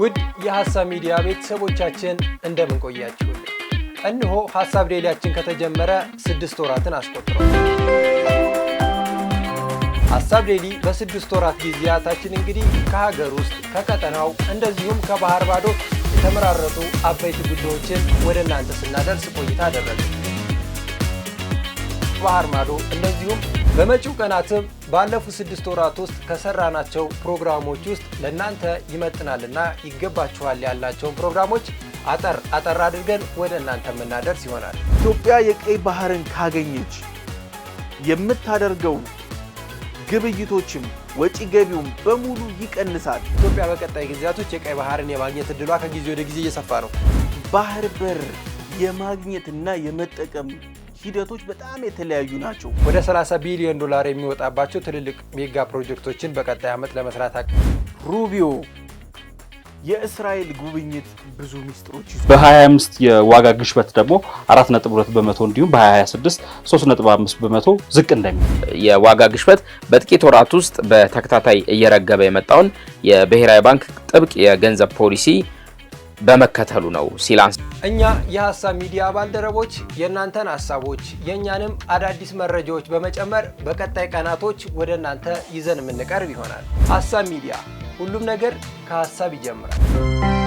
ውድ የሐሳብ ሚዲያ ቤተሰቦቻችን እንደምን ቆያችሁ? እነሆ ሐሳብ ዴሊያችን ከተጀመረ ስድስት ወራትን አስቆጥሯል። ሐሳብ ዴሊ በስድስት ወራት ጊዜያታችን እንግዲህ ከሀገር ውስጥ ከቀጠናው፣ እንደዚሁም ከባህር ባዶ የተመራረጡ አበይት ጉዳዮችን ወደ እናንተ ስናደርስ ቆይታ አደረግን። ባህር ማዶ እንደዚሁም በመጪው ቀናትም ባለፉት ስድስት ወራት ውስጥ ከሰራናቸው ፕሮግራሞች ውስጥ ለእናንተ ይመጥናልና ይገባችኋል ያላቸውን ፕሮግራሞች አጠር አጠር አድርገን ወደ እናንተ የምናደርስ ይሆናል። ኢትዮጵያ የቀይ ባህርን ካገኘች የምታደርገው ግብይቶችም ወጪ ገቢውም በሙሉ ይቀንሳል። ኢትዮጵያ በቀጣይ ጊዜያቶች የቀይ ባህርን የማግኘት እድሏ ከጊዜ ወደ ጊዜ እየሰፋ ነው። ባህር በር የማግኘትና የመጠቀም ሂደቶች በጣም የተለያዩ ናቸው። ወደ 30 ቢሊዮን ዶላር የሚወጣባቸው ትልልቅ ሜጋ ፕሮጀክቶችን በቀጣይ ዓመት ለመስራት ሩቢዮ የእስራኤል ጉብኝት ብዙ ሚስጥሮች በ በ25 የዋጋ ግሽበት ደግሞ 4.2 በመቶ እንዲሁም በ 26 3.5 በመቶ ዝቅ እንደሚ የዋጋ ግሽበት በጥቂት ወራት ውስጥ በተከታታይ እየረገበ የመጣውን የብሔራዊ ባንክ ጥብቅ የገንዘብ ፖሊሲ በመከተሉ ነው ሲላንስ እኛ የሀሳብ ሚዲያ ባልደረቦች የእናንተን ሀሳቦች የእኛንም አዳዲስ መረጃዎች በመጨመር በቀጣይ ቀናቶች ወደ እናንተ ይዘን የምንቀርብ ይሆናል። ሀሳብ ሚዲያ ሁሉም ነገር ከሀሳብ ይጀምራል።